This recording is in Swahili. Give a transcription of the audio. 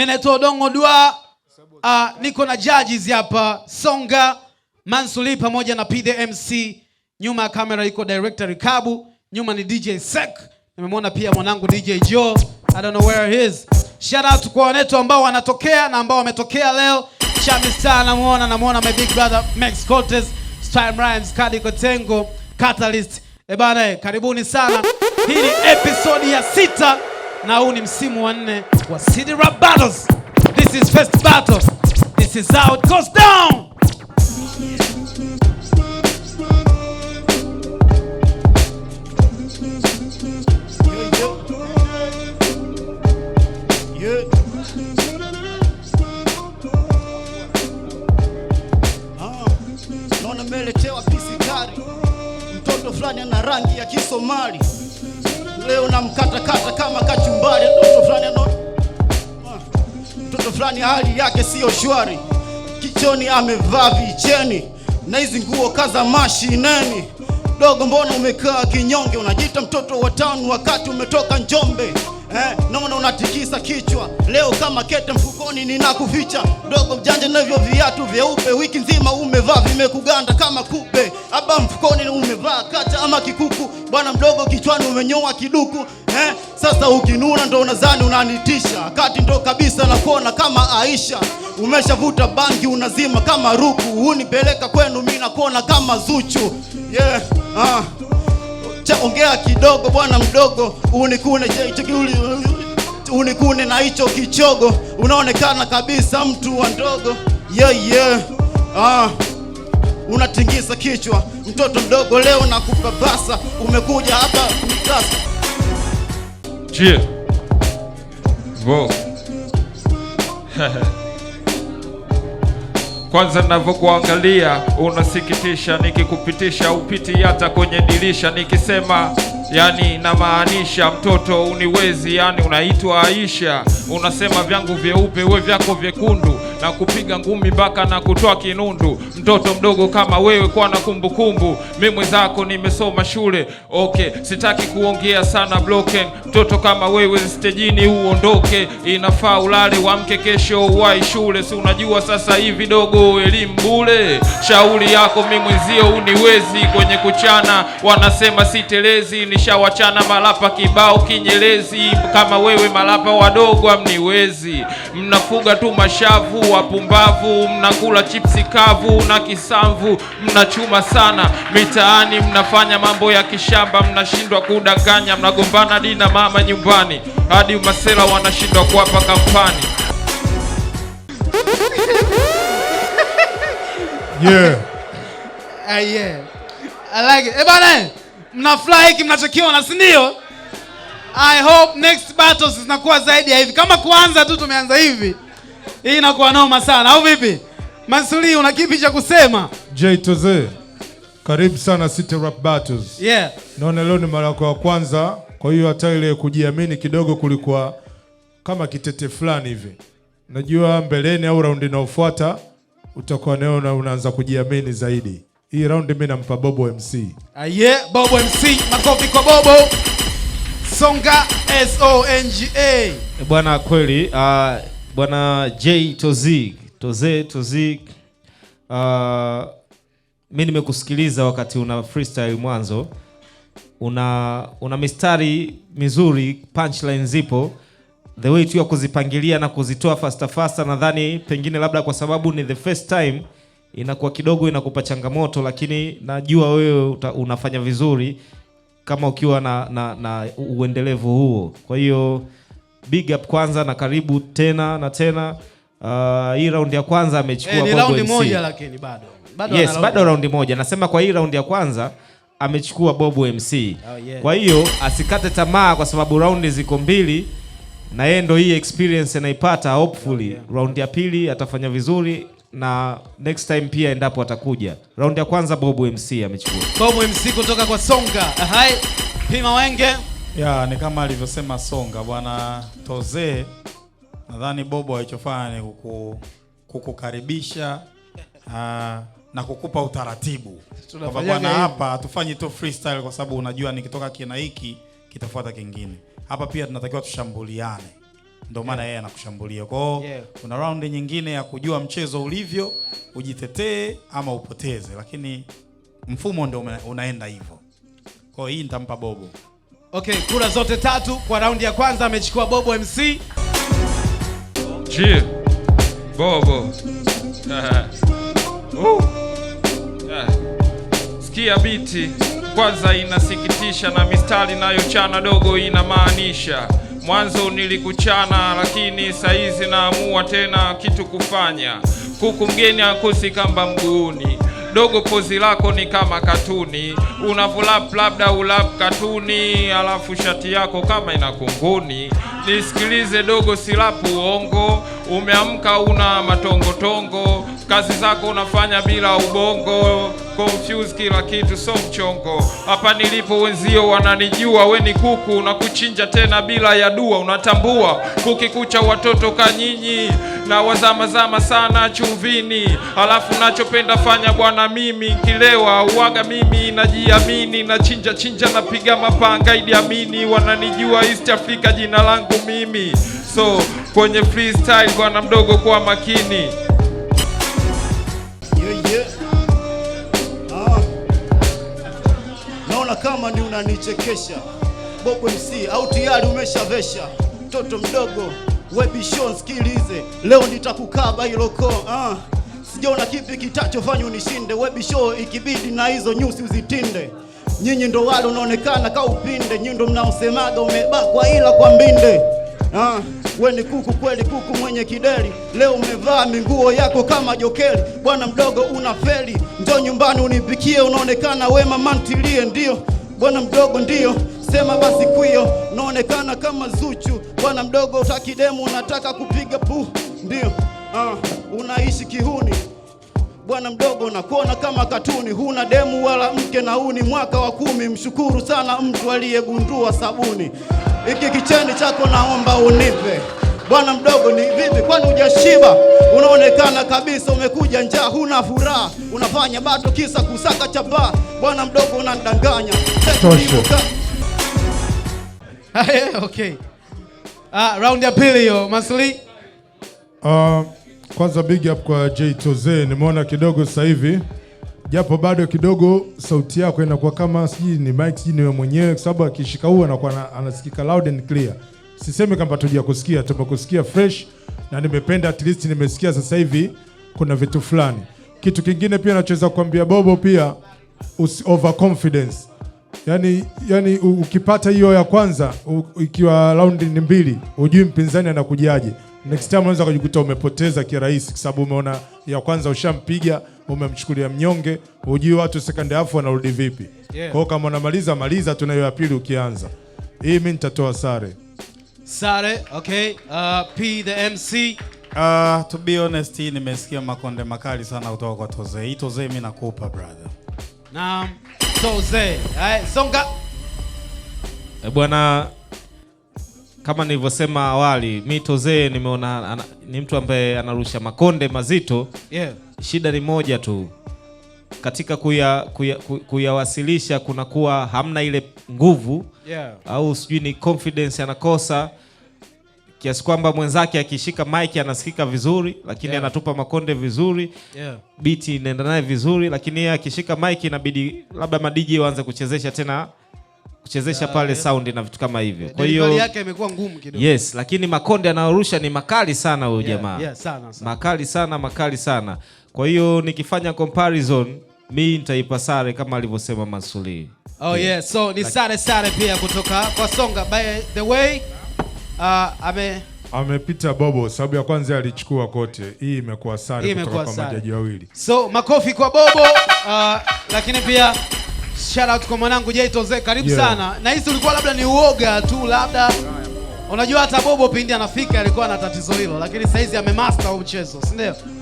mi naitwa Odongo Dwa. Uh, ah, niko na judges hapa Songa Mansuli pamoja na PDMC. Nyuma ya kamera iko director Rikabu, nyuma ni DJ Sek. Nimemwona pia mwanangu DJ Joe. I don't know where he is. Shout out kwa wanetu ambao wanatokea na ambao wametokea leo. Chami Star namuona, namuona my big brother Max Cortez, Style Rhymes, Kadi Kotengo, Catalyst. Eh, bana, eh, karibuni sana. Hii ni episode ya sita na huu ni msimu wa nne wa City Rap Battles. This is first battle. This is how it goes down. meletewa mtoto fulani ana rangi ya Kisomali leo namkatakata kama kachumbari. Mtoto fulani mtoto fulani hali yake siyo shwari, kichoni amevaa vicheni na hizi nguo kaza mashineni. Dogo, mbona umekaa kinyonge? Unajiita mtoto wa tano wakati umetoka Njombe eh, unatikisa kichwa leo kama kete mfukoni, ninakuficha dogo mjanja, navyo viatu vyeupe, wiki nzima umevaa vimekuganda kama kupe, aba mfukoni umevaa kata ama kikuku, bwana mdogo kichwani umenyoa kiduku eh, sasa ukinuna ndo unazani unanitisha, kati ndo kabisa nakuona kama Aisha umeshavuta bangi unazima kama Ruku, unipeleka kwenu mi nakona kama Zuchu yeah, ah cha ongea kidogo, bwana mdogo, unikune unikune na hicho kichogo, unaonekana kabisa mtu wa ndogo yeah, yeah. Ah. Unatingisa kichwa mtoto mdogo, leo na kupapasa, umekuja hapa mtasa Cheers. Wow. Kwanza navyokuangalia unasikitisha, nikikupitisha upiti hata kwenye dirisha, nikisema yani namaanisha mtoto uniwezi, yani unaitwa Aisha, unasema vyangu vyeupe we vyako vyekundu, na kupiga ngumi mpaka na kutoa kinundu. Mtoto mdogo kama wewe kwa na kumbukumbu, mi mwenzako nimesoma shule. Okay, sitaki kuongea sana broken. Mtoto kama wewe stejini uondoke, inafaa ulale wamke, kesho uwai shule. Si unajua sasa hivi dogo elimu bule. Shauri yako mi mwenzio uniwezi, kwenye kuchana wanasema sitelezi ni kisha wachana malapa kibao kinyelezi, kama wewe malapa wadogo amniwezi, mnafuga tu mashavu wapumbavu, mnakula chipsi kavu na kisamvu, mnachuma sana mitaani, mnafanya mambo ya kishamba, mnashindwa kudanganya, mnagombana dina mama nyumbani, hadi masela wanashindwa kuwapa kampani. Yeah. Uh, yeah. I like it. Hey, eh, mnafurahi hiki mnachokiona, si I hope next battles zinakuwa zaidi ya hivi. Kama kuanza tu tumeanza hivi, hii inakuwa noma sana, au vipi? masuli una kipi cha kusema? J2Z, karibu sana City Rap Battles. Yeah. Naona leo ni mara yako ya kwanza, kwa hiyo hata ile kujiamini kidogo kulikuwa kama kitete fulani hivi. Najua mbeleni au raundi inayofuata utakuwa naona unaanza kujiamini zaidi. Hii raundi mimi nampa Bobo MC. Aye, Bobo MC, makofi kwa Bobo. Songa S O N G A. Eh, bwana kweli, uh, bwana J tozig Toze tozig Uh, ah, mimi nimekusikiliza wakati una freestyle mwanzo. Una una mistari mizuri, punchline zipo. The way tu ya kuzipangilia na kuzitoa faster faster, nadhani pengine labda kwa sababu ni the first time inakuwa kidogo inakupa changamoto, lakini najua wewe unafanya vizuri kama ukiwa na, na, na uendelevu huo. Kwa hiyo big up kwanza na karibu tena na tena. Uh, hii raundi ya kwanza amechukua hey, eh, raundi moja lakini bado bado, yes, bado raundi moja. Nasema kwa hii raundi ya kwanza amechukua Bobo MC. Oh, yeah. Kwa hiyo asikate tamaa kwa sababu raundi ziko mbili na yeye ndo hii experience anaipata hopefully. Oh, yeah. Raundi ya pili atafanya vizuri na next time pia endapo atakuja. Round ya kwanza Bob MC amechukua. Bob MC kutoka kwa Songa. Hai. Pima Wenge. Ya, ni kama alivyosema Songa bwana Toze, nadhani Bobo alichofanya ni kuku, kukukaribisha uh, na kukupa utaratibu kwamba bwana, hapa hatufanyi tu freestyle, kwa sababu unajua nikitoka kina hiki kitafuata kingine. Hapa pia tunatakiwa tushambuliane ndio maana yeye yeah. anakushambulia kwao yeah. Kuna raundi nyingine ya kujua mchezo ulivyo, ujitetee ama upoteze, lakini mfumo ndio unaenda hivyo. Kwa hii nitampa Bobo. Okay, kura zote tatu kwa raundi ya kwanza amechukua Bobo MC. Cheer. Bobo. Uh. uh. Sikia biti kwanza inasikitisha na mistari nayo chana dogo inamaanisha Mwanzo nilikuchana, lakini saizi naamua tena kitu kufanya. Kuku mgeni akusi kamba mguuni. Dogo, pozi lako ni kama katuni, unavulap labda ulap katuni, alafu shati yako kama ina kunguni. Nisikilize dogo, silapu uongo, umeamka una matongotongo kazi zako unafanya bila ubongo, confuse kila kitu, so mchongo. Hapa nilipo wenzio wananijua, we ni kuku na kuchinja tena bila ya dua. Unatambua kukikucha watoto kanyinyi na wazamazama sana chumvini, alafu nachopenda fanya bwana, mimi kilewa uwaga, mimi najiamini, na chinja chinja, napiga mapanga, Idi Amini, wananijua East Africa, jina langu mimi so kwenye freestyle, bwana mdogo, kwa makini kama ni unanichekesha Bobo MC au tayari umeshavesha mtoto mdogo webishon, sikilize leo nitakukaba hilo koo ah. Sijaona kipi kitachofanya unishinde webisho, ikibidi na hizo nyusi uzitinde. Nyinyi ndo wale unaonekana ka upinde, nyinyi ndo mnaosemaga umebakwa ila kwa mbinde ah. We ni kuku kweli, kuku mwenye kideri, leo umevaa minguo yako kama jokeli. Bwana mdogo, una feli, njoo nyumbani unipikie, unaonekana wema mantilie, ndio bwana mdogo ndio sema basi kwio, naonekana kama Zuchu bwana mdogo, utaki demu unataka kupiga pu ndio uh, unaishi kihuni bwana mdogo, nakuona kama katuni, huna demu wala mke nauni, mwaka wa kumi. Mshukuru sana mtu aliyegundua sabuni, hiki kicheni chako naomba unipe. Bwana mdogo, ni vipi? Kwani hujashiba? Unaonekana kabisa umekuja njaa, huna furaha, unafanya bado kisa kusaka chapa. Bwana mdogo, unanidanganya. Okay. Ah, round ya pili hiyo Masli. Uh, kwanza big up kwa J Toze, nimeona kidogo sasa hivi japo bado kidogo sauti yako inakuwa kama sijui ni mic, sijui ni wewe mwenyewe, kwa sababu akishika huu anakuwa anasikika loud and clear. Sisemi kwamba tujakusikia, tumekusikia fresh na nimependa, at least nimesikia sasa hivi kuna vitu fulani. Kitu kingine pia nachoweza kuambia Bobo pia overconfidence. Yani, yani ukipata hiyo ya kwanza u, ikiwa raundi ni mbili, hujui mpinzani anakujaje. Next time unaweza kujikuta umepoteza kirahisi, kwa sababu umeona ya kwanza ushampiga, umemchukulia mnyonge, hujui watu second half wanarudi vipi. Yeah. Kwa kama unamaliza maliza, tunayo ya pili ukianza. Hii mimi nitatoa sare. Sare, okay. Uh, P the MC. Uh, ah, to be honest, hii nimesikia makonde makali sana kutoka kwa Toze. Hii Toze mimi nakupa brother. Naam, Toze. Hai, songa. E bwana, kama nilivyosema awali, mi Toze nimeona ana, ni mtu ambaye anarusha makonde mazito. Yeah. Shida ni moja tu katika kuyawasilisha kuya, kuya, kuya kunakuwa hamna ile nguvu yeah. au sijui ni confidence anakosa kiasi kwamba mwenzake akishika mic anasikika vizuri lakini yeah. anatupa makonde vizuri yeah. biti inaenda naye vizuri lakini yeye akishika mic inabidi labda madiji waanze kuchezesha tena kuchezesha yeah, pale yeah. sound na vitu kama hivyo. Kwa hiyo yake imekuwa ngumu kidogo. Yes, lakini makonde anayorusha ni makali sana huyo yeah, jamaa yeah, sana, sana. makali sana makali sana. Kwa hiyo nikifanya comparison mi nitaipa sare kama alivyosema Mansuri. Oh yeah, so ni sare sare pia kutoka kwa Songa. By the way, uh, ame amepita Bobo sababu ya kwanza alichukua kote. Hii imekuwa sare kutoka kwa majaji wawili. So makofi kwa Bobo uh, lakini pia shout out kwa mwanangu Jaitoze, karibu yeah sana. Na hizi ulikuwa labda ni uoga tu labda. Unajua hata Bobo pindi anafika alikuwa na tatizo hilo, lakini saizi amemaster huu mchezo, si ndio?